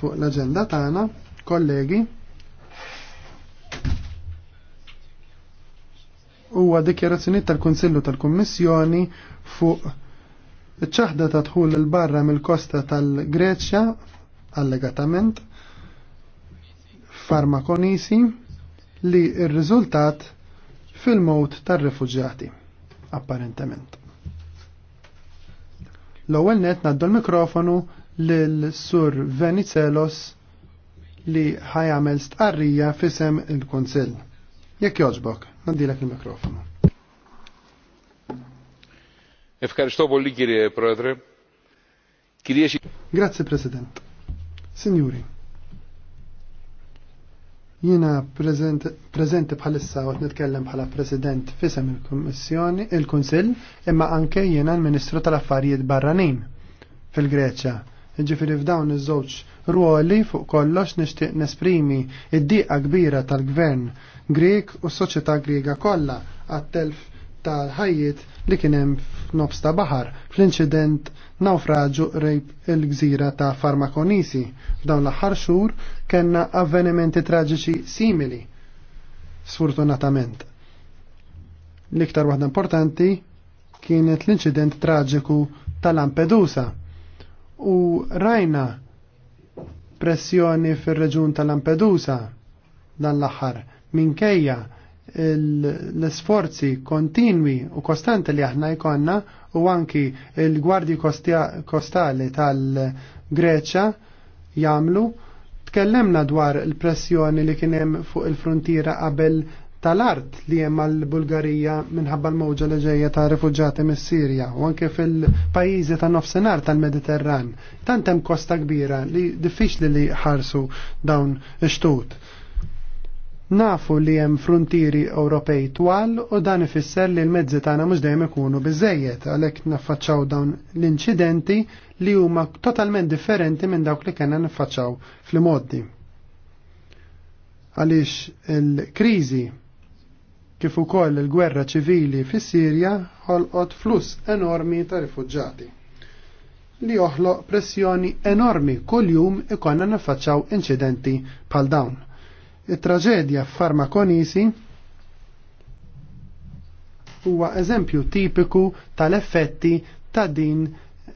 fuq l-agenda tagħna, kollegi. Huwa dikjarazzjonijiet tal-Kunsillu tal-Kummissjoni fuq iċ-ċaħda ta' dħul il barra mill-kosta tal-Greċja allegatament farmakonisi li r-riżultat fil mod tar-refuġjati apparentement. L-ewwel net naddu l-mikrofonu l-sur Venizelos li ħajamel stqarrija fisem il-Konsil. Jekk joġbok, għandilek il-mikrofonu. Efkarġtobu li kiri, prodre. Grazie, President. Signori, jina prezenti bħalissa għot nitkellem bħala President fisem il-Kommissjoni, il-Konsil, imma anke jina l-Ministru tal-Affarijiet Barranin fil-Greċa Ġifiri f'dawn iż-żewġ ruoli fuq kollox nixtieq nesprimi id dieqa kbira tal-gvern Grek u s-soċjetà Griega kollha għat-telf tal-ħajjiet li kien hemm f'nofs ta' baħar fl-inċident nawfraġu rejb il-gżira ta' Farmakonisi. F'dawn l-aħħar xhur kellna avvenimenti traġiċi simili. Sfortunatament. L-iktar waħda importanti kienet l-inċident traġiku tal-Lampedusa u rajna pressjoni fir-reġun tal-Lampedusa dan l-aħħar minkejja l-sforzi kontinwi u kostanti li aħna jkonna u anki il-gwardji kostali tal-Greċa jamlu tkellemna dwar il-pressjoni li kienem fuq il-frontiera qabel tal-art li hemm għal bulgarija minħabba l-mowġa li ġejja ta' rifugġati mis-Sirja u anke fil-pajjiżi ta' nofsinhar tal-Mediterran. Tant hemm kosta kbira li diffiċli li ħarsu dawn ix-xtut. Nafu li hemm frontieri Ewropej twal u dan ifisser li l-mezzi tagħna mhux dejjem ikunu biżejjed għalhekk naffaċċaw dawn l-inċidenti li huma totalment differenti minn dawk li kellna niffaċċaw fl-modi. Għaliex il-kriżi kif ukoll il-gwerra ċivili fis-Sirja ħolqot fluss enormi ta' rifugġati li joħloq pressjoni enormi kuljum ikonna naffaċċaw inċidenti bħal dawn. It-traġedja farmakonisi huwa eżempju tipiku tal-effetti ta' din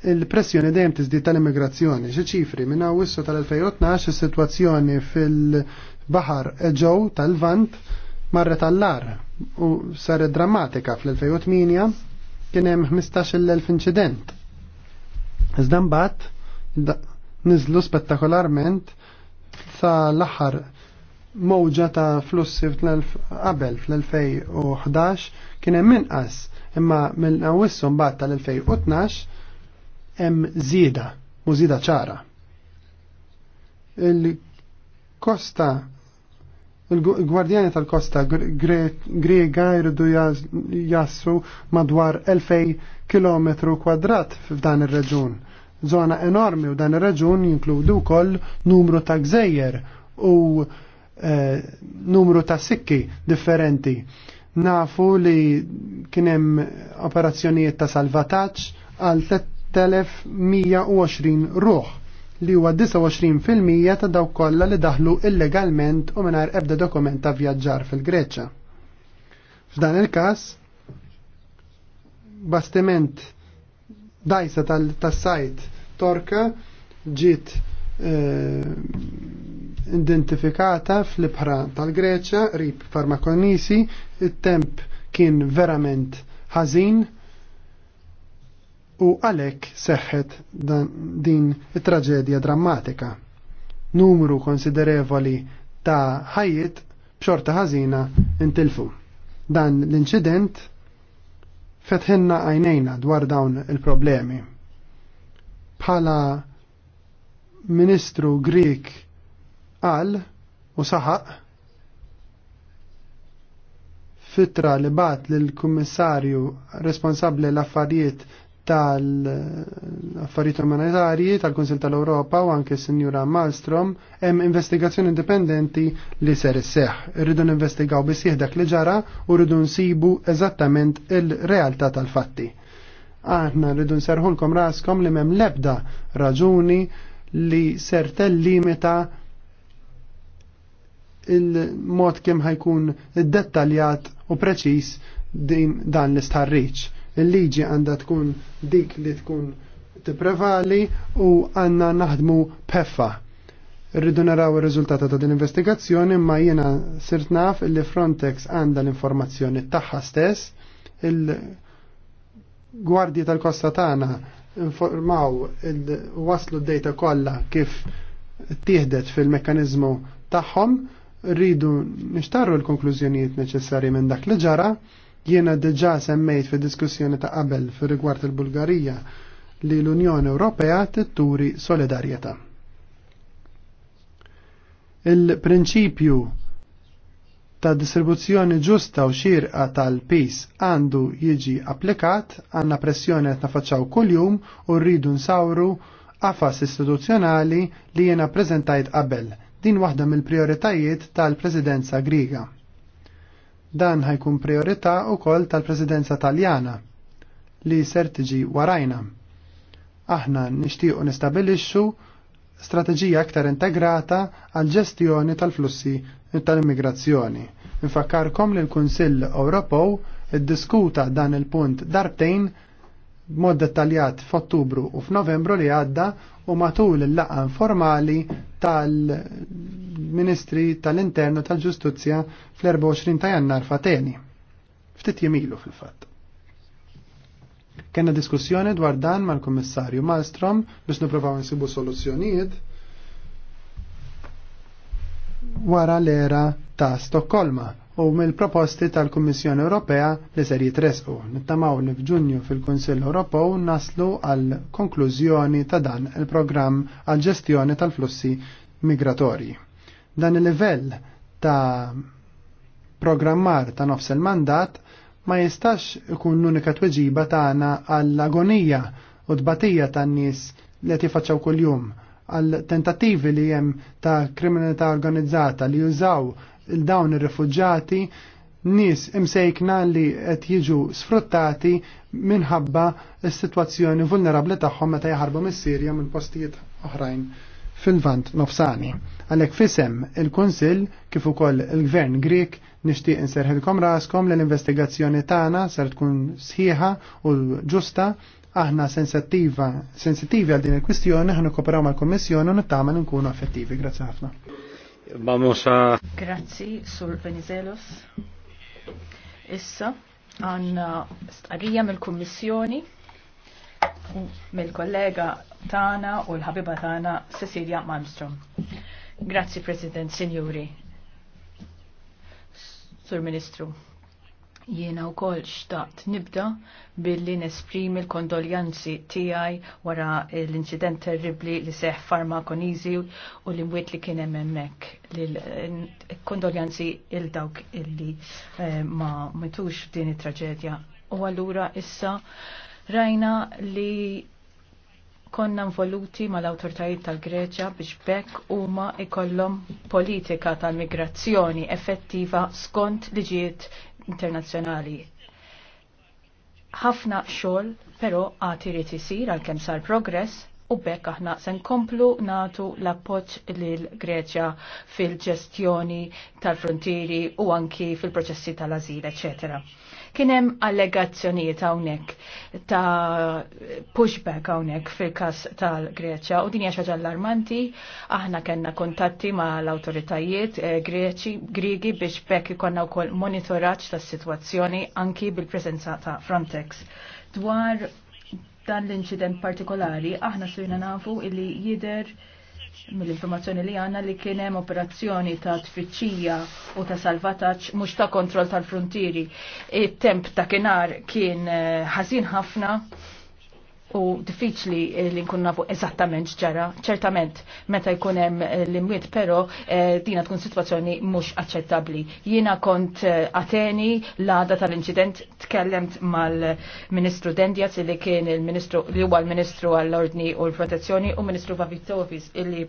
il-pressjoni dejjem tiżdid tal-immigrazzjoni. Xi ċifri minn hawn tal-2012 is-sitwazzjoni fil-Baħar Eġew tal-Vant marret tal u saret drammatika fl-2008 kien hemm 15,000 inċident. Iżda mbagħad niżlu spettakolarment sa l-aħħar mowġa ta' flussi qabel fl-2011 kien hemm inqas imma mill awissu mbagħad tal-2012 hemm żieda u zida ċara. Il-kosta Il-gwardjani tal-kosta grega jridu jassu madwar 2000 km kwadrat f'dan ir-reġun. Zona enormi u dan ir-reġun jinkludu wkoll numru ta' gżejjer u eh, numru ta' sikki differenti. Nafu li kienem operazzjonijiet ta' salvataċ għal 3120 ruħ li huwa 29% ta' dawk kollha li daħlu illegalment u mingħajr ebda dokument ta' vjaġġar fil greċja F'dan il-każ bastiment dajsa tas-sajt Torka ġiet eh, identifikata fl-ibħra tal-Greċa, rib farmakonisi, it temp kien verament ħażin, u għalek seħħet din traġedja drammatika. Numru konsiderevoli ta' ħajjiet b'xorta ħażina intilfu. Dan l-inċident fetħinna għajnejna dwar dawn il-problemi. Bħala Ministru Grik qal u saħaq fitra li bat l-Kummissarju responsabli l-affarijiet tal-affarijiet umanitarji tal-Kunsil tal-Ewropa u anke s-Sinjura Malmstrom hemm investigazzjoni indipendenti li ser isseħ. Irridu investigaw bisih dak li ġara u rridu nsibu eżattament il-realtà tal-fatti. Aħna rridu nserħulkom raskom li m'hemm lebda raġuni li ser tellimita il-mod kemm ħajkun id-dettaljat u preċis din dan l-istħarriċ Il-liġi għandha tkun dik li tkun tipprevali u għandna naħdmu peffa. Rridu naraw ir-riżultata ta' din investigazzjoni ma jiena sirt naf li Frontex għandha l-informazzjoni tagħha stess, il-gwardji tal-kosta tagħna informaw waslu d-dejta kollha kif tieħdet fil mekanizmu tagħhom rridu nishtarru l-konklużjonijiet neċessarji minn dak li ġara Jiena diġà semmejt fi diskussjoni ta' qabel fi rigward il-Bulgarija li l-Unjoni Ewropea titturi solidarjetà. Il-prinċipju ta' distribuzzjoni ġusta u xirqa tal-pis għandu jiġi applikat għanna pressjoni għet nafaċċaw kull-jum u rridu nsawru għafas istituzzjonali li jena prezentajt qabel. Din waħda mill-prioritajiet tal-Presidenza Griga. Dan ħajkun priorità wkoll tal-Presidenza Taljana li ser tiġi warajna. Aħna nixtiequ nistabilixxu strateġija aktar integrata għal ġestjoni tal-flussi tal-immigrazzjoni. Nfakkarkom li l-Kunsill Ewropew iddiskuta dan il-punt darbtejn b'mod dettaljat f'Ottubru u f'Novembru li għadda u matul il laqan formali tal ministri tal-Internu tal-Ġustizzja fl-24 ta' jannar fateni. Ftit jemilu fil-fatt. Kenna diskussjoni dwar dan mal-Kummissarju Malmstrom biex nipprovaw nsibu soluzzjonijiet wara l-era ta' Stokkolma u mill-proposti tal-Kummissjoni Ewropea li ser jitresqu. Nittamaw li f'Ġunju fil-Kunsill Ewropew naslu għal konklużjoni ta' dan il-programm għal ġestjoni tal-flussi migratorji. Dan il-livell ta' programmar ta' nofs il-mandat ma jistax ikun l-unika tweġiba tagħna għall-agonija u tbatija tan-nies li qed jifaċċaw kuljum għal tentattivi li hemm ta' kriminalità organizzata li jużaw il-dawn ir-rifuġġati nis imsejkna li qed jiġu sfruttati minħabba s-sitwazzjoni vulnerabbli tagħhom meta jaħarbu mis-Sirja minn postijiet oħrajn fil-vant nofsani. Għalek fisem il-Konsil kif ukoll il-Gvern Grek nixtieq inserħilkom raskom l-investigazzjoni tagħna ser tkun sħiħa u ġusta aħna sensittiva sensittivi għal din il-kwistjoni ħan nikkooperaw mal-Kommissjoni u nittama nkunu effettivi. Grazzi ħafna. Vamos a Grazzi Sur Venizelos. Issa għandna starija mill-Kummissjoni mill-kollega tana u l-ħabiba tana Cecilia Malmstrom. Grazzi, President, Signori. Sur Ministru, jiena u kol xtaqt nibda billi nesprimi l-kondoljanzi tijaj wara l-incident terribli li seħ farma konizi u l-imwiet li kien emmek. L-kondoljanzi il-dawk illi eh, ma mitux din it-traġedja. U għallura issa Rajna li konna involuti mal-autoritajiet tal-Greċja biex bekk huma ikollhom politika tal-migrazzjoni effettiva skont liġijiet internazzjonali. Ħafna xogħol però għad irid isir għalkemm sar progress U bekk aħna se nkomplu natu l-appoġġ lil Greċja fil-ġestjoni tal-frontieri u anki fil-proċessi tal-azil, eċetera. Kien hemm allegazzjonijiet hawnhekk ta' pushback hawnhekk fil-każ tal-Greċja u din hija xaġa allarmanti. Aħna kellna kontatti ma' l-awtoritajiet eh, Greċi Grigi biex bekk ikonna wkoll monitoraġġ tas-sitwazzjoni anki bil-preżenza ta' Frontex dwar dan l-inċident partikolari aħna sirna nafu illi jider mill-informazzjoni li għanna li kien hemm operazzjoni ta' tfittxija u ta' salvataġġ mhux ta' kontroll tal-frontieri. il temp ta' kienar kien eh, ħażin ħafna u diffiċli eh, li nkun nafu eżattament ġara, ċertament meta jkun hemm eh, l-imwiet, però eh, dina tkun situazzjoni mhux aċċettabbli. Jiena kont Ateni l-għada tal-inċident tkellemt mal-Ministru Dendjas li kien il-Ministru li huwa l-Ministru għall-Ordni u l-Protezzjoni u Ministru Vavitovis illi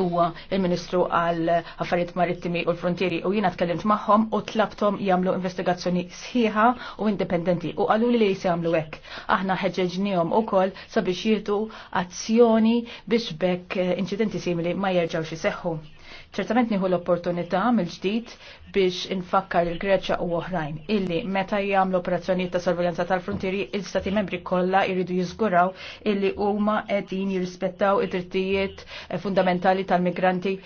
huwa il-Ministru għal affarijiet marittimi u l-frontieri u jiena tkellimt magħhom u tlabtom jagħmlu investigazzjoni sħiħa u indipendenti u qalu li se jagħmlu hekk. Aħna ħeġġeġnihom ukoll sabiex jieħdu azzjoni biex bekk inċidenti simili ma jerġgħux iseħħu ċertament nieħu l-opportunità mill-ġdid biex infakkar il-Greċa u oħrajn illi meta jagħmlu operazzjonijiet ta' sorveljanza tal-frontieri il-Stati membri kollha jridu jiżguraw illi huma qegħdin jirrispettaw id-drittijiet eh, fundamentali tal-migranti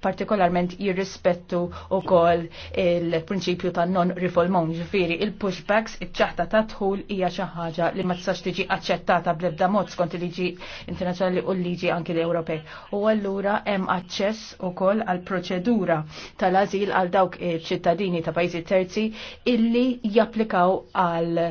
partikolarment jirrispettu u kol il-prinċipju ta' non-rifolmon ġifiri il-pushbacks iċ-ċaħta ta' tħul hija xi ħaġa li ma tistax tiġi aċċettata bl-ebda mod skont il-liġi internazzjonali u l-liġi anki l-Ewropej. U allura hemm aċċess ukoll għal proċedura tal-azil għal dawk ċittadini ta' pajzi terzi illi japplikaw għal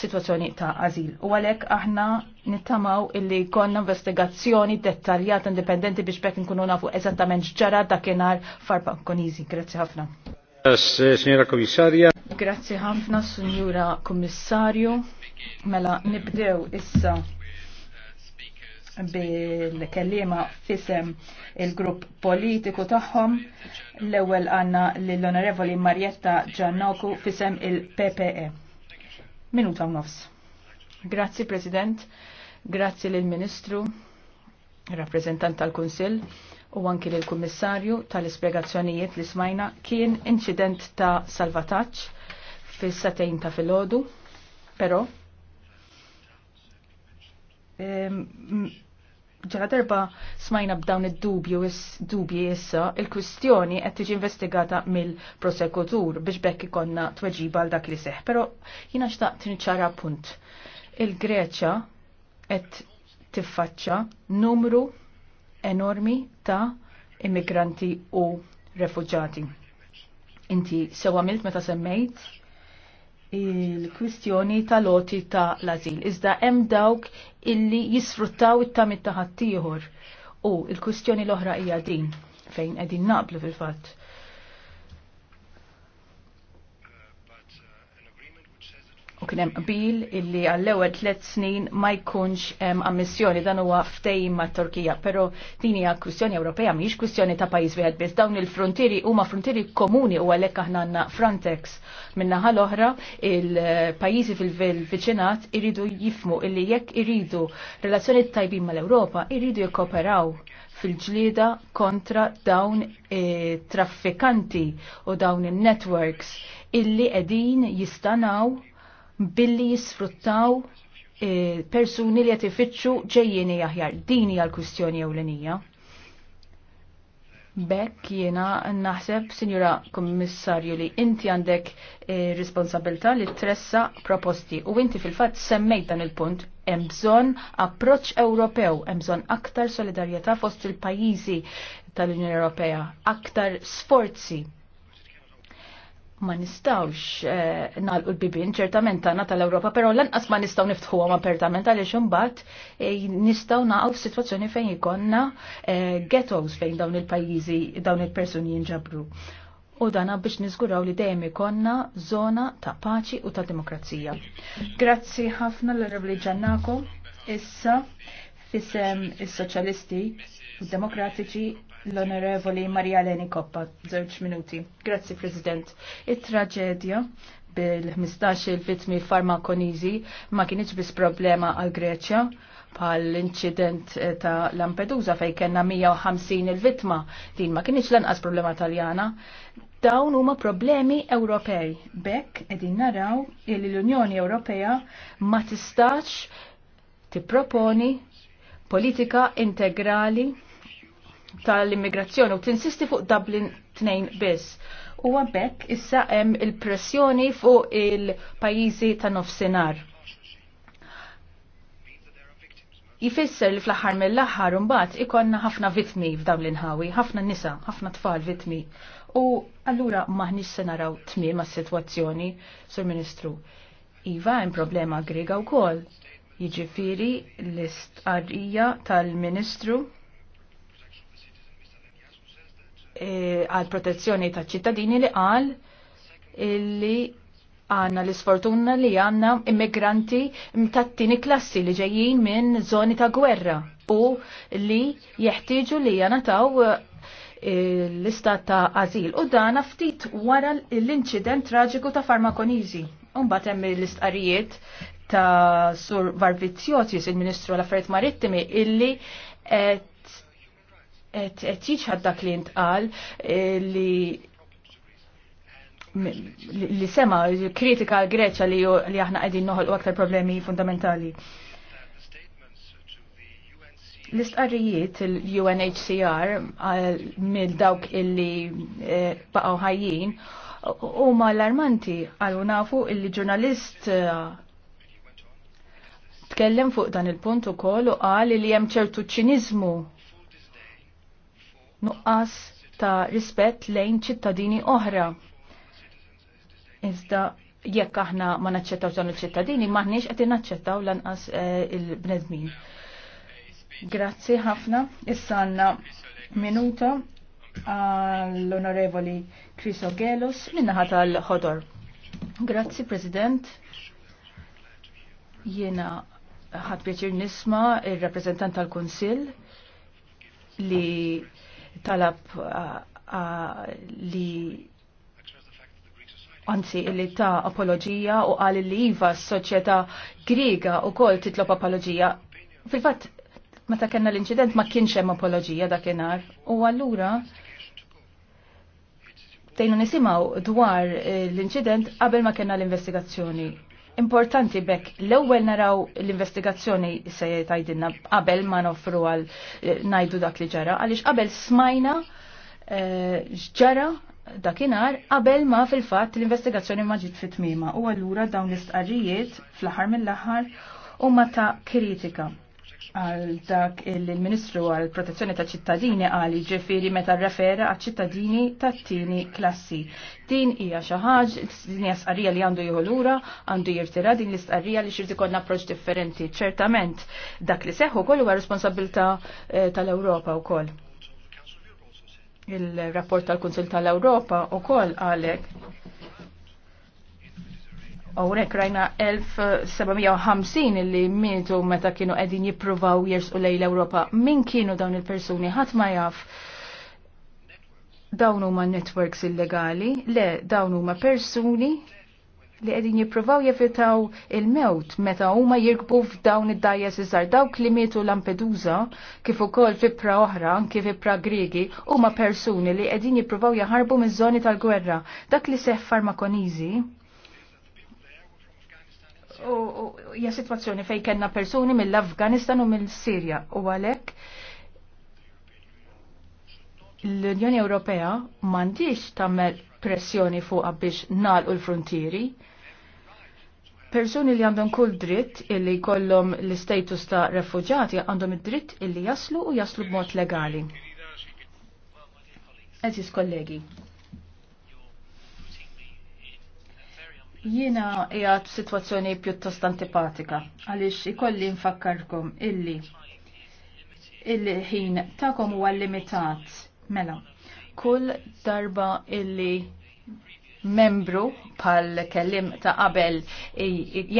situazzjoni ta' azil. U għalhekk aħna nittamaw illi konna investigazzjoni dettaljata indipendenti biex bekk nkunu nafu eżattament ġara dakinhar farba konizi. Grazzi ħafna. Eh, signora Komissarja. Grazzi ħafna, Signora Kommissarju. Mela nibdew issa bil-kellima fisem il-grupp politiku tagħhom. L-ewwel għandna lill-Onorevoli Marietta Giannoku fisem il-PPE. Minuta u nofs. Grazzi, President. Grazzi lill ministru rappresentant tal-Kunsill u anki lill kummissarju tal-ispjegazzjonijiet li smajna kien incident ta' salvataġġ fis-satejn ta' filgħodu, però ġara darba smajna b'dawn id-dubju dubji issa, il-kwistjoni qed tiġi investigata mill-prosekutur biex bekk ikonna tweġiba għal dak li seħ. Però jiena xtaqt tinċara punt. Il-Greċja qed tiffaċċa numru enormi ta' immigranti u refugġati. Inti sewa milt meta semmejt il-kwistjoni tal-loti ta' l-azil. Iżda hemm dawk illi jisfruttaw it-tamit ta' ħaddieħor. U il-kwistjoni l-oħra hija din fejn qegħdin naqblu fil-fatt u kien hemm qbil illi għall-ewwel tliet snin ma jkunx hemm ammissjoni dan huwa ftehim mat-Turkija, però din hija kwistjoni Ewropea mhijiex kwistjoni ta' pajjiż wieħed biss. Dawn il-frontieri huma frontieri komuni u għalhekk aħna għandna Frontex. Min-naħa l-oħra il-pajjiżi fil-viċinat iridu jifmu illi jekk iridu relazzjoni tajbin mal-Ewropa iridu jikkoperaw fil-ġlieda kontra dawn e, traffikanti u dawn in-networks illi qegħdin jistanaw billi jisfruttaw eh, persuni li qed ifittxu jahjar. aħjar. Din hija l-kwistjoni ewlenija. Bekk jiena naħseb, Sinjura Kommissarju, li inti għandek e, responsabilità li tressa proposti u inti fil-fatt semmejt dan il-punt hemm bżonn approċċ Ewropew, hemm bżonn aktar solidarjetà fost il-pajjiżi tal-Unjoni Ewropea, aktar sforzi ma nistawx eh, nalqu l-bibin ċertament tagħna tal-Ewropa, però lanqas ma nistgħu għam apertament għaliex imbagħad eh, nistgħu naqgħu f'sitwazzjoni fejn jikonna eh, ghettos fejn dawn il-pajjiżi dawn il-persuni jinġabru. U dana biex niżguraw li dejjem ikonna zona ta' paċi u ta' demokrazija. Grazzi ħafna l rebli Ġannako. Issa fisem is-Soċjalisti u Demokratiċi L-Onorevoli Maria Leni Koppa, żewġ minuti. Grazzi, President. It-traġedja bil-15 il-vitmi farmakonizi ma kienieċ bis problema għal Greċja pal incident inċident eh, ta' Lampedusa fej kena 150 il-vitma din ma kienieċ lanqas problema taljana dawn huma problemi Ewropej. Bekk qegħdin naraw li l-Unjoni Ewropea ma tistax tipproponi politika integrali tal-immigrazzjoni u tinsisti fuq Dublin 2 biss. U għabek issa hemm il-pressjoni fuq il-pajjiżi ta' nofsinhar. Jifisser li fl-aħħar mill-aħħar mbagħad ikonna ħafna vitmi f'dawn Ħawi, ħafna nisa, ħafna tfal vitmi. U allura maħniex se naraw tmiem għas-sitwazzjoni, Sur Ministru. Iva, hemm problema grega wkoll. Jiġifieri l-istqarrija tal-Ministru E, għal protezzjoni ta' ċittadini li għal li għanna l-sfortuna li għanna immigranti tat klassi li ġejjin minn zoni ta' gwerra u li jeħtieġu li taw e, l-istat ta' azil u dan ftit wara l-inċident traġiku ta' farmakonizi. Umbat hemm l-istqarijiet ta' Sur Varvizjotis, il-Ministru l affarijiet Marittimi, illi qed jiġħad dak li ntqal eh, li li sema kritika għal Greċa li, li aħna qegħdin noħolqu aktar problemi fundamentali. L-istqarrijiet l-UNHCR mill dawk illi eh, baqgħu ħajjin huma allarmanti għal nafu illi ġurnalist eh, tkellem fuq dan il-punt ukoll u qal li hemm ċertu ċiniżmu nuqqas ta' rispett lejn ċittadini oħra. Iżda jekk aħna ma naċċettaw dan il-ċittadini, maħniex qed naċċettaw lanqas eh, il-bnedmin. Grazzi ħafna. Issa għandna minuta għall-Onorevoli Chris Crisogelos minnaħa tal-ħodor. Grazzi, President. Jiena ħadd pjaċir nisma ir rappreżentant tal kunsill li talab li anzi illi ta' apologija u għal li iva s-soċjetà griega u kol titlob apologija. Fil-fatt, meta kena l-inċident ma kienx hemm da' dakinhar u allura tejnu nisimaw dwar eh, l-inċident qabel ma kena l-investigazzjoni. Importanti bekk l-ewwel naraw l-investigazzjoni se tajdinna qabel ma nofru għal eh, najdu dak li ġara għaliex qabel smajna eh, ġara dakinar qabel ma fil-fatt l-investigazzjoni ma ġiet fit-tmiema u allura dawn l-istqarrijiet fl-aħħar mill-aħħar huma ta' kritika għal dak il-Ministru għal protezzjoni ta' ċittadini għal ġifiri meta refera għal ċittadini ta' tini klassi. Din hija xi ħaġa, din hija sqarrija li għandu jħolura, għandu jirtira din l-istqarrija li xirti konna approċ differenti. Ċertament dak li seħħu wkoll huwa responsabilta eh, tal-Ewropa wkoll. Il-rapport tal-Kunsil tal-Ewropa wkoll għalek U nek rajna 1750 illi mietu meta kienu edin jipruvaw jersqu lej l-Europa. Min kienu dawn il-persuni? ħadd ma jaf. Dawn huma networks illegali, le dawn huma persuni li edin jippruvaw jevitaw il-mewt meta huma jirkbu f'dawn id-dajjes iżgħar dawk li mietu Lampedusa kif ukoll fipra oħra anke fipra Griegi huma persuni li qegħdin jippruvaw jaħarbu miż-żoni tal-gwerra. Dak li seħħ farmakoniżi hija sitwazzjoni fejn kellna persuni mill-Afganistan u mill-Sirja u għalhekk l-Unjoni Ewropea m'għandix tagħmel pressjoni fuqha biex nagħlqu l-frontieri. Persuni li għandhom kull dritt illi jkollhom l-istatus ta' refuġati għandhom id-dritt illi jaslu u jaslu b'mod legali. Eżis kollegi, Jiena jgħat situazzjoni pjuttost antipatika għaliex ikolli nfakkarkom illi il-ħin ta'kom huwa limitat mela. Kull darba illi membru pal kellim ta' qabel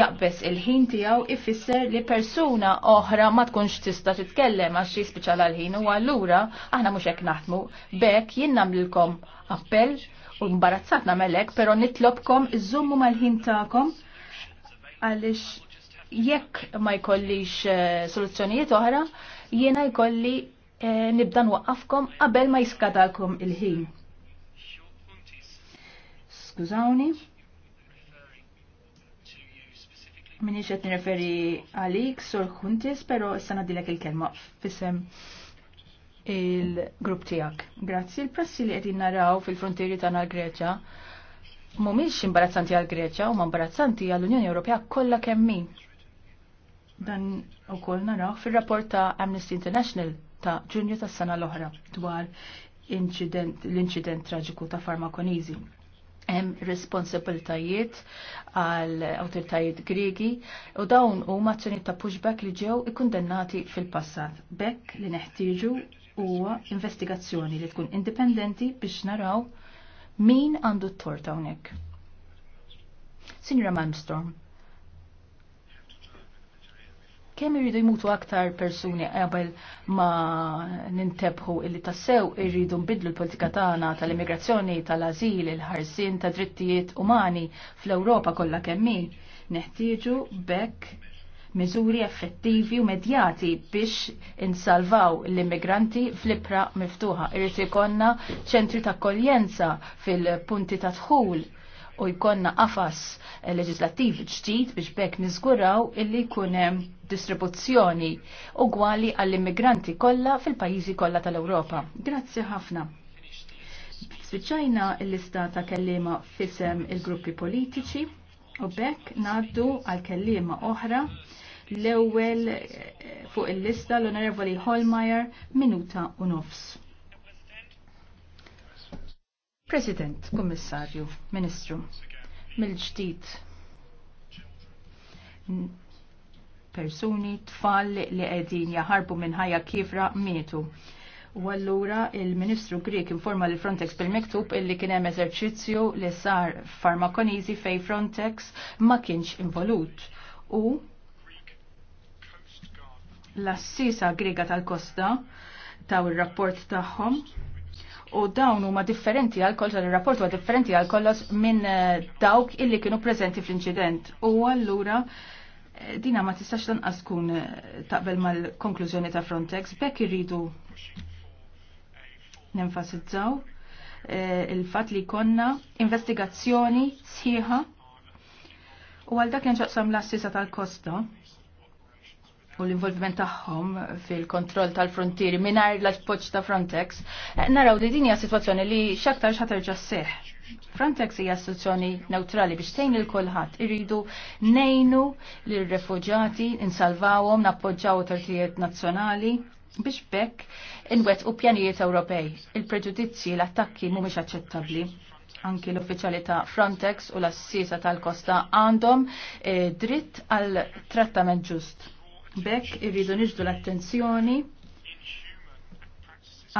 jaqbes il-ħin tiegħu ifisser li persuna oħra ma tkunx tista' titkellem għax jispiċa l-ħin u allura aħna mhux hekk naħdmu bekk jien nagħmlilkom appell u mbarazzat namelek, pero nitlobkom iżommu mal-ħin ta'kom għalix jekk ma jkollix eh, soluzzjonijiet oħra, jiena jkolli e, nibda nwaqqafkom qabel ma jiskadakom il-ħin. Skużawni. Minix qed nirreferi għalik, Sur Kuntis, pero issa nadilek il-kelma fissem il-grupp tijak. Grazzi, il-prassi li għedin naraw fil-frontieri ta' l-Greċa mumiex imbarazzanti għal-Greċa u ma imbarazzanti għall-Unjoni Ewropea kollha kemmi. Dan u koll naraw fil-rapport ta' Amnesty International ta' ġunju tas sena l-oħra dwar l-inċident traġiku ta' farmakonizi hemm responsabiltajiet għal awtoritajiet Griegi u dawn huma mazzjoni ta' pushback li ġew ikkundennati fil-passat. Bekk li neħtieġu huwa investigazzjoni li tkun indipendenti biex naraw min għandu t torta hawnhekk. Signora Malmstrom, kemm irridu jmutu aktar persuni qabel ma nintebħu illi tassew irridu nbidlu l-politika tagħna tal-immigrazzjoni, tal-azil, il-ħarsin tad drittijiet umani fl-Ewropa kollha kemm Neħtieġu bekk miżuri effettivi u medjati biex insalvaw l-immigranti fl-ibra miftuħa. Irrid ikonna ċentri ta' koljenza fil-punti ta' dħul u jkonna qafas leġislattiv ġdid biex bekk niżguraw illi kunem distribuzzjoni ugwali għall-immigranti kollha fil-pajjiżi kollha tal-Ewropa. Grazzi ħafna. Spiċċajna l-lista ta' kellima fisem il-gruppi politiċi u bekk naddu għal kellima oħra l-ewwel eh, fuq il-lista l-Onorevoli Holmeyer minuta u nofs. President, Kummissarju, Ministru, mill-ġdid persuni, tfal li qegħdin jaħarbu minn ħajja kifra mietu. U allura il-Ministru Grek informa li Frontex bil-miktub illi kien hemm eżerċizzju li sar farmakonizi fej Frontex ma kienx involut. U l-assisa grega tal-kosta taw il-rapport tagħhom u dawn huma differenti għal kollox ir-rapport huwa differenti għal kollox minn eh, dawk illi kienu preżenti fl-inċident. U allura eh, dina ma tistax lanqas tkun eh, taqbel mal-konklużjoni ta' Frontex, bekk irridu nenfasizzaw il-fat li konna investigazzjoni sħiħa u għal dak jenġaqsam l-assisa tal-kosta u l-involviment tagħhom fil-kontroll tal-frontieri mingħajr l-appoġġ ta' Frontex, eh, naraw li din hija sitwazzjoni li x'aktar x'ħaterġa' seħ. Frontex hija istituzzjoni neutrali biex tgħin lil kulħadd iridu nejnu lil refuġjati insalvawhom, nappoġġaw awtoritajiet nazzjonali biex bekk inwet u pjanijiet Ewropej. Il-preġudizzji l-attakki mhumiex aċċettabbli anki l-uffiċjali ta' Frontex u l-assisa tal-kosta għandhom eh, dritt għal trattament ġust Bekk irridu niġdu l-attenzjoni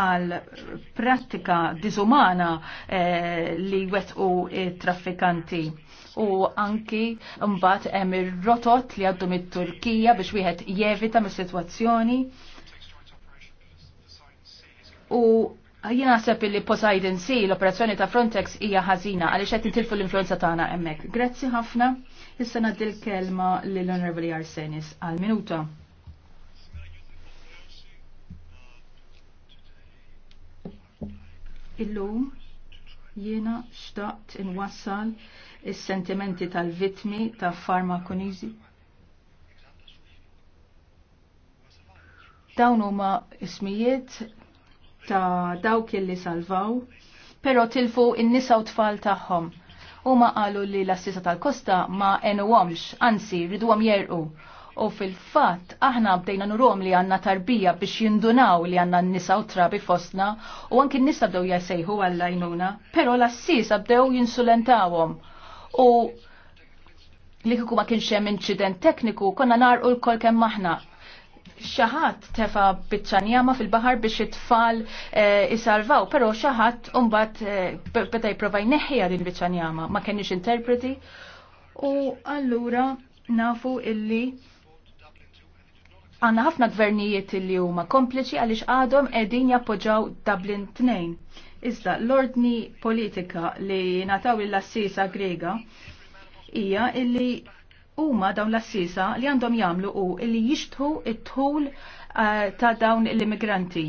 għal prattika dizumana li eh, li wetqu traffikanti. U anki mbagħad hemm ir-rotot li għaddu mit-Turkija biex wieħed jevita mis-sitwazzjoni. U jien naħseb li Poseidon Sea l-operazzjoni ta' Frontex hija ħażina għaliex qed intilfu l-influenza tagħna hemmhekk. Grazzi ħafna. Issa naddil l-kelma l honorable Arsenis għal-minuta. Illum jiena xtaqt inwassal is-sentimenti tal-vitmi ta' farmakonizi. Dawn huma ismijiet ta' dawk illi salvaw, però tilfu in-nisa u tfal tagħhom u ma qalu li l-assisa tal-kosta ma enuwomx, anzi ridu jerqu. U fil-fat, aħna bdejna nurom li għanna tarbija biex jindunaw li għanna n-nisa u trabi fostna, u anki n-nisa bdew għalla jnuna, pero l-assisa bdew jinsulentawom. U li kiku ma kienx hemm inċident tekniku konna narqu l-kol kemm aħna xaħat tefa bitċanjama fil-bahar biex it-tfal eh, isalvaw, pero xaħat umbat eh, beta jiprofa jneħħija din bitċanjama, ma kenniex interpreti. U allura nafu illi għanna ħafna gvernijiet illi huma kompliċi għaliex għadhom qegħdin jappoġġaw Dublin 2. Iżda l-ordni politika li nataw l-assisa grega hija illi huma dawn l-assisa li għandhom jagħmlu u li jixtħu it-tħul eh, ta' dawn l-immigranti.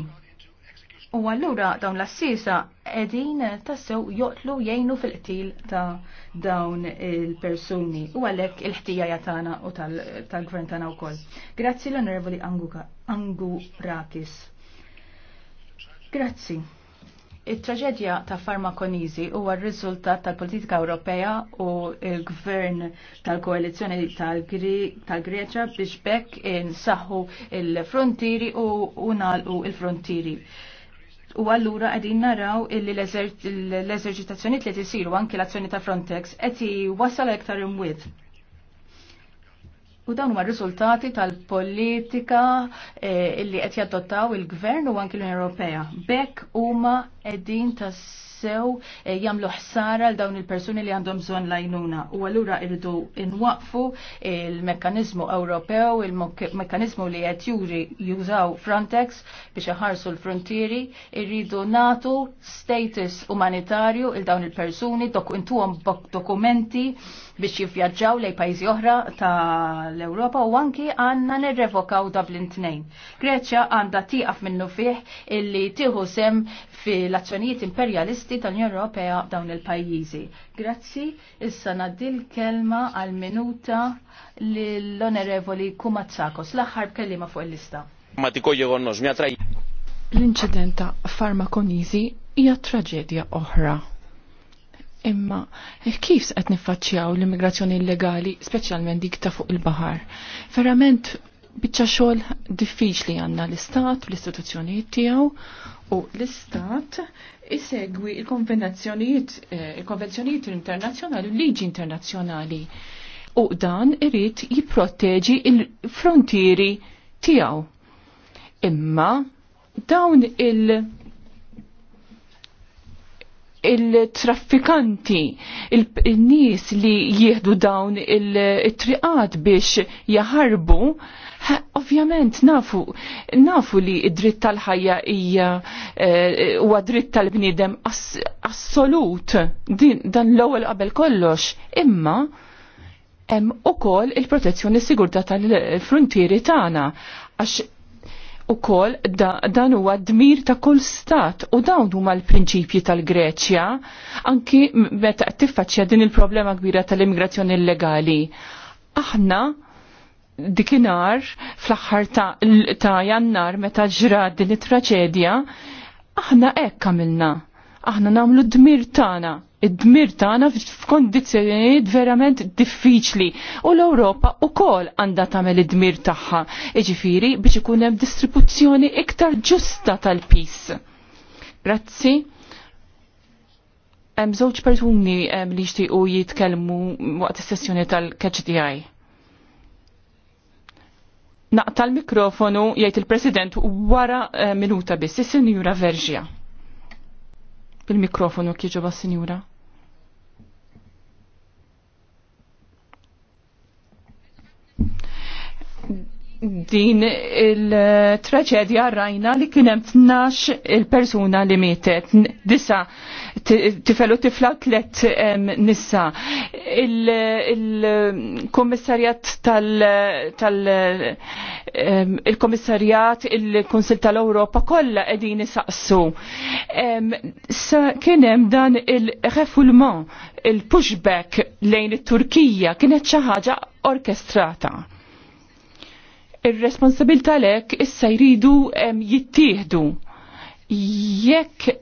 U allura dawn l-assisa edin tassew joqtlu jgħinu fil-qtil ta' dawn il-persuni u għalek il-ħtija jatana u tal-gvern tana u koll. Grazzi l-onorevoli Angu Rakis. Grazzi. Il-traġedja ta' farmakonizi huwa r-riżultat tal-politika Ewropea u l-gvern tal-koalizjoni tal-Greċa tal biex bekk insaħħu il-frontieri u unalqu il-frontieri. U allura qegħdin naraw illi l-eżerċitazzjoni li isiru anki l-azzjoni ta' Frontex qed wasal iktar imwied. U dawn huma r-riżultati tal-politika eh, illi qed jadottaw il-Gvern u anki l-Unjoni Ewropea. Bekk huma qegħdin tas sew eh, jagħmlu ħsara l dawn il-persuni li għandhom bżonn lajnuna. U allura irridu inwaqfu il mekanizmu Ewropew, il mekanizmu li qed juri jużaw Frontex biex iħarsu l-frontieri, irridu natu status umanitarju il dawn il-persuni, intuhom dokumenti biex jivvjaġġaw lej pajjiżi oħra tal-Ewropa u anki għandna nirrevokaw Dublin 2. Greċja għandha tieqaf minnu fih illi tieħu sem fil-azzjonijiet imperialisti tal-Unjoni Ewropea dawn il-pajjiżi. Grazzi, issa naddi l-kelma għal minuta l-Onorevoli Kumazzakos, l-aħħar kellima fuq il-lista. l incidenta farmakonizi hija traġedja oħra. Imma, kif qed niffaċċjaw l-immigrazzjoni illegali, speċjalment dik ta' fuq il-baħar? Verament biċċa xogħol diffiċli għandna l-istat, l-istituzzjonijiet tiegħu u l-istat isegwi il-konvenzjonijiet eh, il-konvenzjonijiet internazzjonali, l-liġi internazzjonali. U dan irid jipproteġi il-frontieri tiegħu. Imma dawn il- il-traffikanti, il-nies li jieħdu dawn il-triqat biex jaharbu, ovvjament nafu, nafu li id-dritt tal-ħajja hija eh, huwa dritt tal-bniedem assolut dan l-ewwel qabel kollox, imma hemm ukoll il-protezzjoni sigurta tal-frontieri tagħna għax kol da, dan huwa dmir ta' kull stat u dawn huma l-prinċipji tal-Greċja anki meta tiffaċċja din il-problema kbira tal-immigrazzjoni illegali. Aħna dikinar fl-aħħar ta', ta jannar meta ġra din it-traċedja aħna hekk għamilna aħna namlu d-dmir tagħna, id-dmir tagħna f'kondizzjonijiet verament diffiċli u l-Ewropa wkoll għandha tagħmel id-dmir tagħha, jiġifieri biex ikun hemm distribuzzjoni iktar ġusta tal-pis. Grazzi. Hemm żewġ persuni li jixtiequ jitkellmu waqt is-sessjoni tal-KHDI. Naqta l-mikrofonu jgħid il-President wara eh, minuta biss, is-Sinjura Verġja bil-mikrofonu kieġoba sinjura. Din il-traċedja rajna li kienem 12 il-persuna li mietet, disa tifel u tifla tlet nissa. Il-komissarjat tal- il-komissarjat, il-Konsil tal-Europa kolla edin saqsu. Sa kienem dan il-refoulement, il-pushback lejn it-Turkija kienet xaħġa orkestrata ir-responsabilta lek issa jridu jittieħdu. Jekk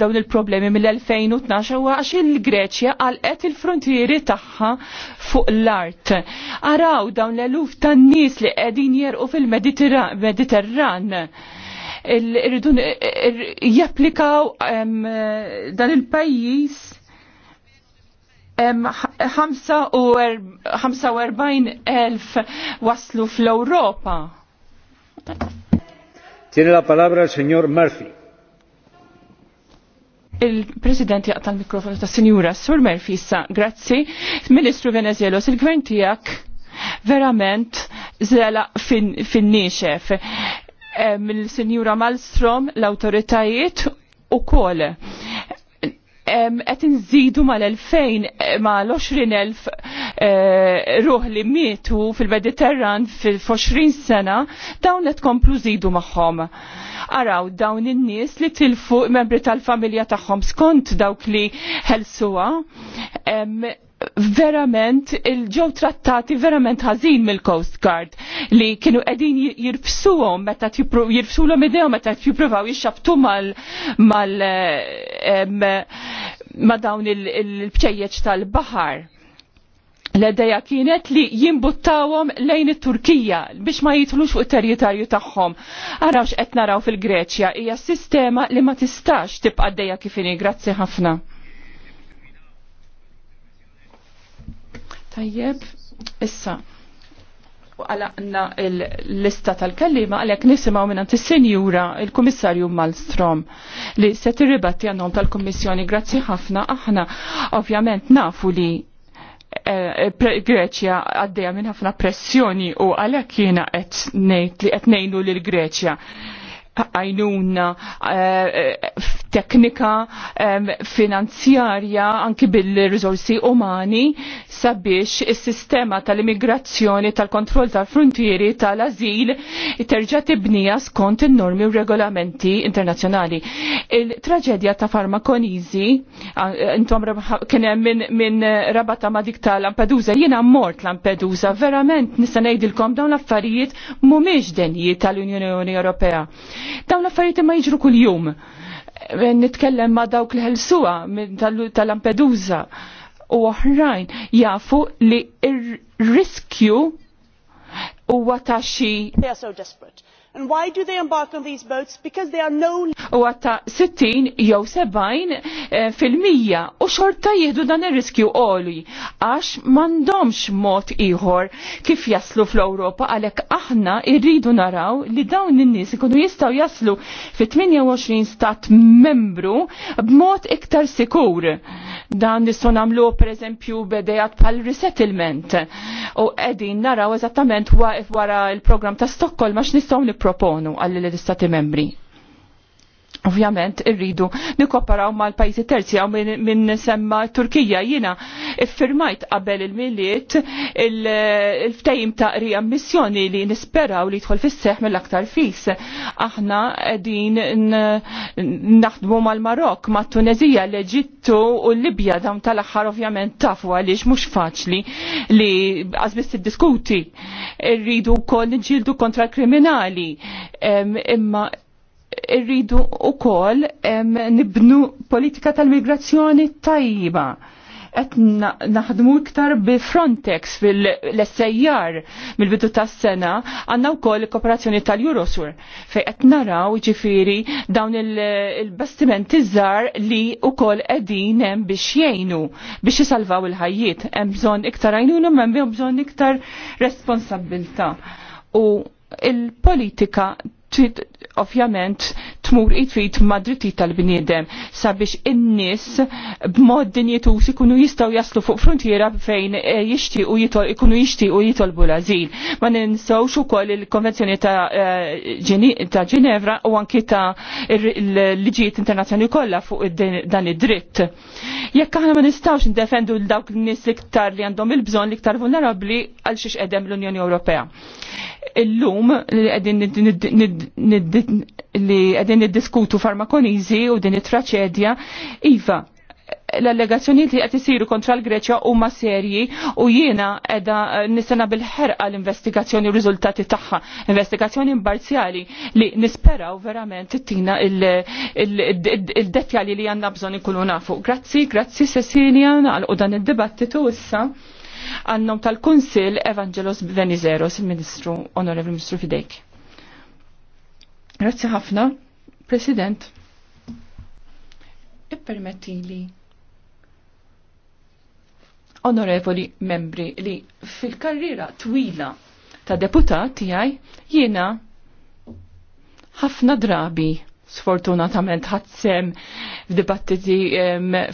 dawn il-problemi mill-2012 huwa għax il-Greċja għalqet il-frontieri tagħha fuq l-art. Araw dawn l-eluf tan-nies li qegħdin jerqu fil-Mediterran irridu japplikaw dan il-pajjiż 45,000 er-, waslu fl-Europa. Tiene la palabra il signor Murphy. Il-President jaqta l-mikrofonu ta' Sinjura Sur Murphy issa, grazzi. Ministru Venezuelos, il-gvern tijak verament zela fin-nixef. Mill-Sinjura Malstrom, l-autoritajiet u kol. Qed nżidu mal-2000 mal-20,000 Eh, ruħ li mietu fil-Mediterran fil-20 sena, dawn qed tkomplu zidu magħhom. Araw dawn in-nies li tilfu membri tal-familja tagħhom skont dawk li ħelsuha verament il-ġew trattati verament ħażin mill-Coast Guard li kienu qegħdin jirfsuhom meta jirfsulhom idejhom meta jippruvaw jixxabtu mal mal ma dawn il-bċejjeġ tal-baħar l-edeja kienet li jimbuttawhom lejn it-Turkija biex ma jitlux fuq it-territorju tagħhom. Arax qed naraw fil-Greċja hija sistema li ma tistax tibqa' dejja kifini. Grazzi ħafna. Tajjeb, issa għalaqna l-lista tal-kellima għalek nisimaw minnant il-senjura il-komissarju Malmstrom li se tirribatti għannom tal komissjoni Grazzi ħafna, aħna ovvjament nafu li Eh, Greċja għaddeja minn ħafna pressjoni u għalhekk jiena qed ngħid li qed ngħidu lill Greċja għajnuna eh, eh, teknika eh, finanzjarja anki bil-rizorsi umani sabiex is-sistema tal-immigrazzjoni tal-kontroll tal-frontieri tal-azil terġa' tibnija skont in-normi u regolamenti internazzjonali. Il-traġedja ta' farmakonizi intom kien hemm minn min rabata ma' dik ta' Lampedusa, jiena mort Lampedusa, verament nista' ngħidilkom dawn l-affarijiet mhumiex denji tal-Unjoni Ewropea affarijiet ma jiġru kuljum. Eh, Nitkellem ma dawk li ħelsuwa tal-Lampedusa u oħrajn jafu li ir-riskju huwa ta' xi. They are so desperate And why do they embark on these boats? Because they are no... U għatta 60 jew 70 eh, fil-mija u xorta jihdu dan ir-riskju qoli għax m'għandhomx mod ieħor kif jaslu fl-Ewropa għalhekk aħna rridu naraw li dawn in-nies ikunu jistgħu jaslu fit-28 stat membru b'mod iktar sikur Dan nistgħu nagħmlu pereżempju bedejat bħal resettlement u qegħdin naraw eżattament wara il-programm ta' Stockholm għax nistgħu nipproponu għall l-istati membri. Ovvjament irridu nikoparaw mal-pajjiżi terzi għaw minn min semma Turkija jiena iffirmajt qabel il-miliet il-ftejim ta' riammissjoni li nisperaw li jidħol fis-seħ mill-aktar fis. Aħna qegħdin naħdmu mal-Marok, mat Tunezija, l-Eġittu u l-Libja dawn tal-aħħar ovvjament tafu għaliex mhux faċli li għażbis tiddiskuti. Irridu wkoll niġġieldu kontra l kriminali imma u wkoll nibnu politika tal-migrazzjoni tajba qed naħdmu iktar bi Frontex fil-SAR mill-bidu tas-sena għandna wkoll kooperazzjoni tal-Eurosur fej qed naraw ġifiri dawn il-bastimenti żar li wkoll qegħdin hemm biex jgħinu biex isalvaw il-ħajjiet hemm bżonn iktar għajnunhom hemm bżonn iktar responsabilta. U il-politika ovvjament tmur it-fit ma' dritti tal-bniedem sabiex in-nies b'mod dinjetus ikunu jistaw jaslu fuq frontiera fejn eh, u jitol ikunu jixtiequ jitolbu jitol bulazil. Ma ninsawx ukoll il-Konvenzjoni ta' Ġinevra eh, u anki ta' l-liġijiet internazzjonali kollha fuq dan id-dritt. Jekk aħna ma nistgħux ndefendu l dawk n-nies iktar li għandhom il-bżonn iktar vulnerabbli għal xiex qedem l-Unjoni Ewropea. Illum li qegħdin li qegħdin id niddiskutu farmakoniżi u din it-traċedja, iva, l allegazzjoni li qed isiru kontra l-Greċja huma serji u jiena qiegħda nisena bil-ħerqa l-investigazzjoni u riżultati tagħha, investigazzjoni imparzjali li nisperaw verament it-tina il detjali li għandna bżonn ikunu nafu. Grazzi, grazzi Cecilia u dan id-dibattitu issa għannom tal-Kunsil Evangelos Venizeros, il-Ministru, Onorevli Ministru Fidejk. Grazzi ħafna. President, ippermetti li onorevoli membri li fil-karriera twila ta' deputat tiegħi jiena ħafna drabi sfortunatament ħadsem f'dibattiti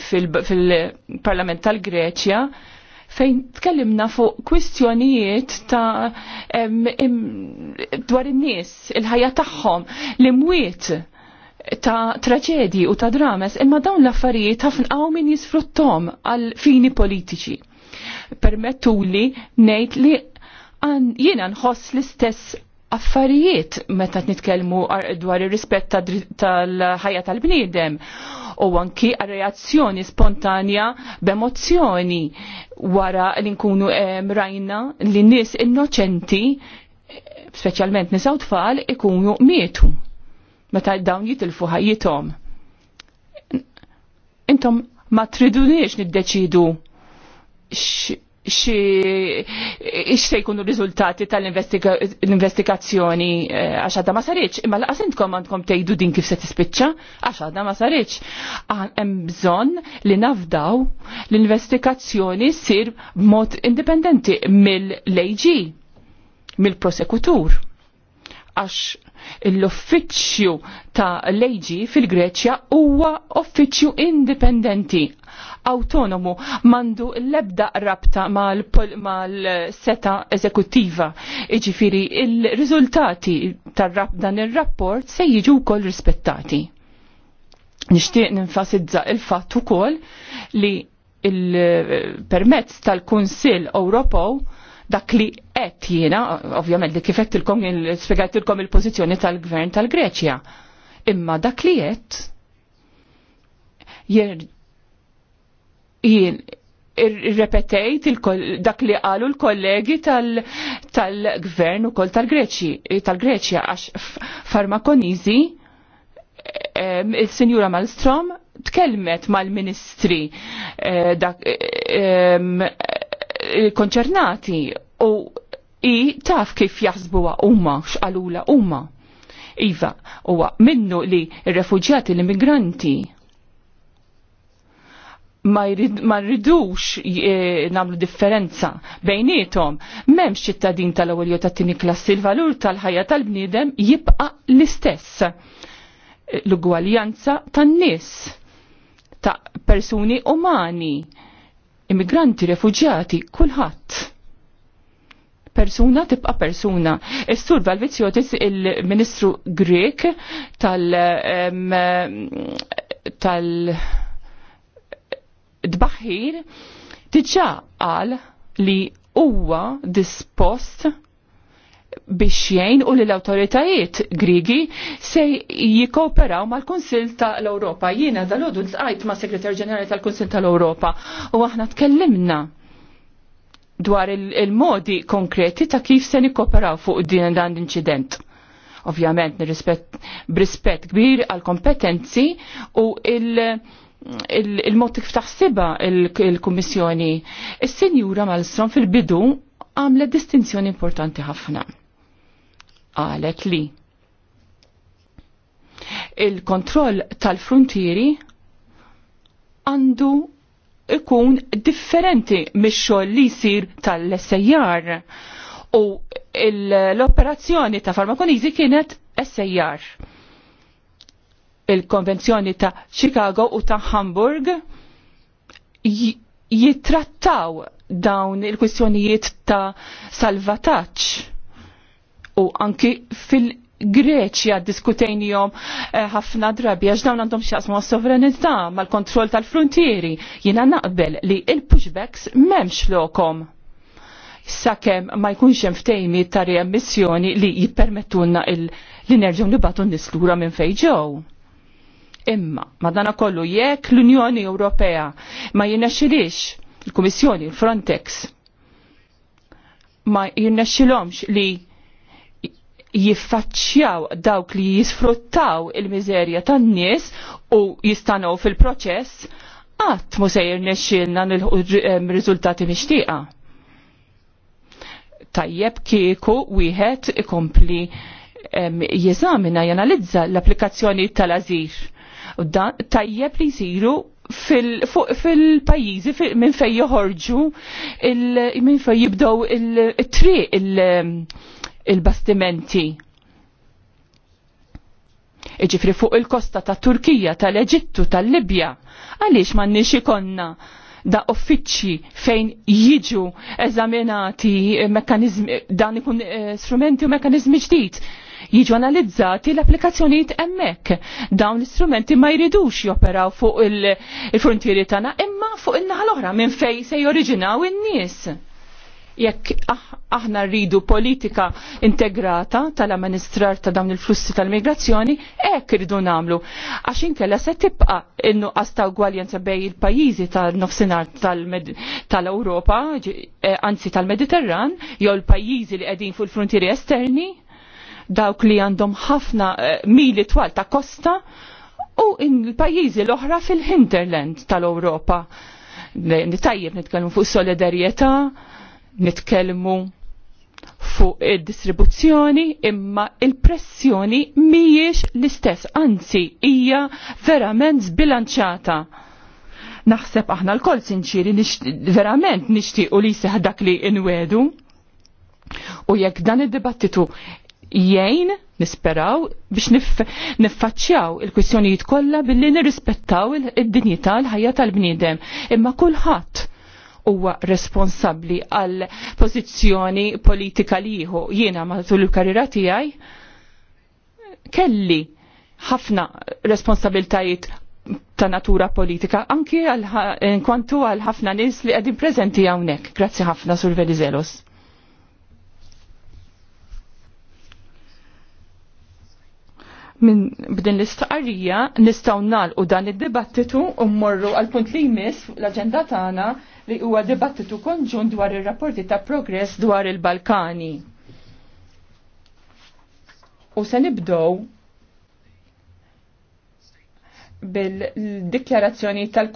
fil-Parlament fil tal-Greċja fejn tkellimna fuq kwistjonijiet ta' dwar in-nies, il-ħajja tagħhom, l-imwiet ta' traġedji u ta' drames, imma dawn l-affarijiet ħafnqaw min jisfruttom għal fini politiċi. Permettu li nejt li jiena nħoss l-istess affarijiet meta nitkellmu dwar ir-rispett tal-ħajja tal-bniedem u anki reazzjoni spontanja b'emozzjoni wara li nkunu rajna li nies innoċenti, speċjalment nisaw tfal, ikunu mietu meta dawn jitilfu ħajjithom. Intom ma tridunix niddeċidu xie se jkunu riżultati tal-investigazzjoni eh, għax għadha ma sarriċ, imma laqas intkom għandkom tgħidu din kif se tispiċċa għax għadha ma sarriċ. Hemm bżonn li nafdaw l-investigazzjoni ssir b'mod indipendenti mill lejġi mill-prosekutur għax l-uffiċċju ta' leġi fil-Greċja huwa uffiċċju indipendenti, autonomu, mandu l-ebda rabta mal-seta eżekuttiva. Iġifiri, il-riżultati tar-rab dan ir-rapport se jiġu wkoll rispettati. Nixtieq ninfasizza il-fatt ukoll li il-permezz tal-Kunsill Ewropew dak li qed jiena, ovvjament li kif qedtilkom ilkom il-pożizzjoni tal-Gvern tal-Greċja. Imma dak li qed jien irrepetejt dak li qalu l-kollegi tal-gvern ukoll tal-Greċja għax farmakonizi il-Sinjura Malmstrom tkellmet mal-ministri eh, eh, konċernati i taf kif jaħsbuha huma x'qalula huma. Iva, huwa minnu li r-refuġjati l-immigranti ma, ma rridux e, namlu differenza bejnietom. Memx ċittadin tal-ewwel jew tat-tieni klassi l-valur tal-ħajja tal-bniedem jibqa' l-istess. L-ugwaljanza tan-nies ta' persuni umani, immigranti, refugjati, kulħadd persuna tibqa' persuna. Is-sur Valvizjotis il-Ministru Grek tal tal dbaħħir diġà qal li huwa dispost biex jgħin u li l-autoritajiet Grigi se jikoperaw mal-Kunsil tal-Europa. Jiena dal-għodu l ma' Segretar Ġenerali tal-Kunsil tal-Europa u aħna tkellimna dwar il-modi il konkreti ta' kif se nikkoperaw fuq din dan l-inċident. Ovvjament b'rispett kbir għal kompetenzi u il- il-mod kif taħsiba il-Kummissjoni. Is-Sinjura Malstrom fil-bidu għamlet distinzjoni importanti ħafna. Għalet li il-kontroll tal-frontieri għandu ikun differenti mix-xogħol li jsir tal-SAR u l-operazzjoni ta' farmakonizi kienet SAR. Il-konvenzjoni ta' Chicago u ta' Hamburg jittrattaw dawn il-kwistjonijiet ta' salvataċ u anki fil- Greċja diskutejnijom eh, ħafna eh, drabi għax dawn għandhom xjaqsmu s-sovranità mal-kontroll tal-frontieri. Jina naqbel li il-pushbacks memx lokom sakem ma jkunx hemm ftejmi ta' riammissjoni li jippermettunna li nerġgħu nibatu nislura minn fejn ġew. Imma madana kollu jekk l-Unjoni Ewropea ma jinexxilix il-Kummissjoni, il-Frontex ma jinnexxilhomx li jiffaċċjaw dawk li jisfruttaw il-miżerja tan-nies u jistanaw fil-proċess għat musejr nesċilna nil-riżultati mixtieqa. Tajjeb kieku wieħed ikompli jeżamina janalizza l-applikazzjoni tal-azir. Tajjeb li jsiru fil-pajizi fil minn fej joħorġu minn fej jibdow il-triq il, il, il, il, il, il, il, il il-bastimenti. Iġifri fuq il-kosta ta' Turkija, tal-Eġittu, tal-Libja, għaliex ma' nixi konna da' uffiċċji fejn jiġu eżaminati dan ikun eh, strumenti u mekanizmi ġdid jiġu analizzati l-applikazzjonijiet emmek. Dawn l-istrumenti ma jridux joperaw fuq il-frontieri tagħna imma fuq in-naħa l-oħra minn fejn se joriġinaw in-nies jekk ah, aħna rridu politika integrata tal-amministrar ta' dawn il-flussi tal-migrazzjoni, hekk rridu nagħmlu. Għax inkella se tibqa' innu għasta ugwaljanza bej il-pajjiżi tan-nofsinhar tal-Ewropa, eh, anzi tal-Mediterran, jew il-pajjiżi li qegħdin fuq il-frontieri esterni, dawk li għandhom ħafna eh, mili twal ta' kosta u il-pajjiżi l-oħra fil-hinterland tal-Ewropa. Tajjeb nitkellmu fuq solidarjetà, nitkellmu fuq id-distribuzzjoni imma il-pressjoni mhijiex l-istess, anzi hija verament zbilanċata. Naħseb aħna l koll sinċiri verament nixtiequ li jseħ dak li inwedu. U jekk dan id-dibattitu jgħin nisperaw biex niffaċċjaw il-kwistjonijiet kollha billi nirrispettaw id-dinjità l-ħajja tal-bniedem. Imma kulħadd huwa responsabbli għal pożizzjoni politika liħu. Jiena matul il-karriera tiegħi kelli ħafna responsabiltajiet ta' natura politika, anki eh, kwantu għal ħafna nis li għedin prezenti għawnek. Grazzi ħafna, Sur Velizelos. Min b'din l-istaqarija nistaw u dan id-dibattitu u mmorru għal punt li jmiss l-agenda tagħna li huwa dibattitu konġun dwar ir-rapporti ta' progress dwar il-Balkani. U se nibdow bil-dikjarazzjoni tal